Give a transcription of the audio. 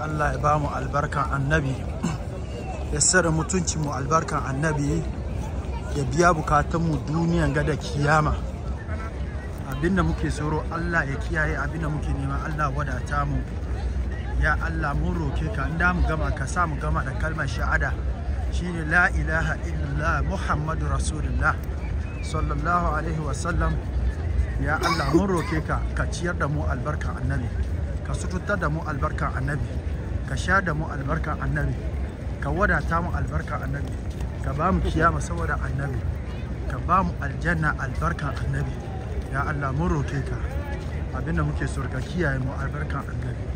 Allah ya ba mu albarkan annabi ya sarra mutuncin mu albarkan annabi ya biya bukatunmu duniyan gada kiyama abinda muke tsoro Allah ya kiyaye abinda muke nema Allah wadata mu ya Allah mun roke ka inda mu gama ka sa mu gama da kalmar shahada shine la ilaha illallah muhammadu rasulullah sallallahu alaihi wasallam ya Allah mun roke ka ka ciyar da mu albarkan annabi ka sututar da mu albarkan annabi ka sha da mu albarkar annabi ka wadata mu albarkar annabi ka ba mu kiyama saboda annabi ka ba mu aljanna albarkar annabi ya Allah mun roke ka abinda muke so kiyaye mu albarkar annabi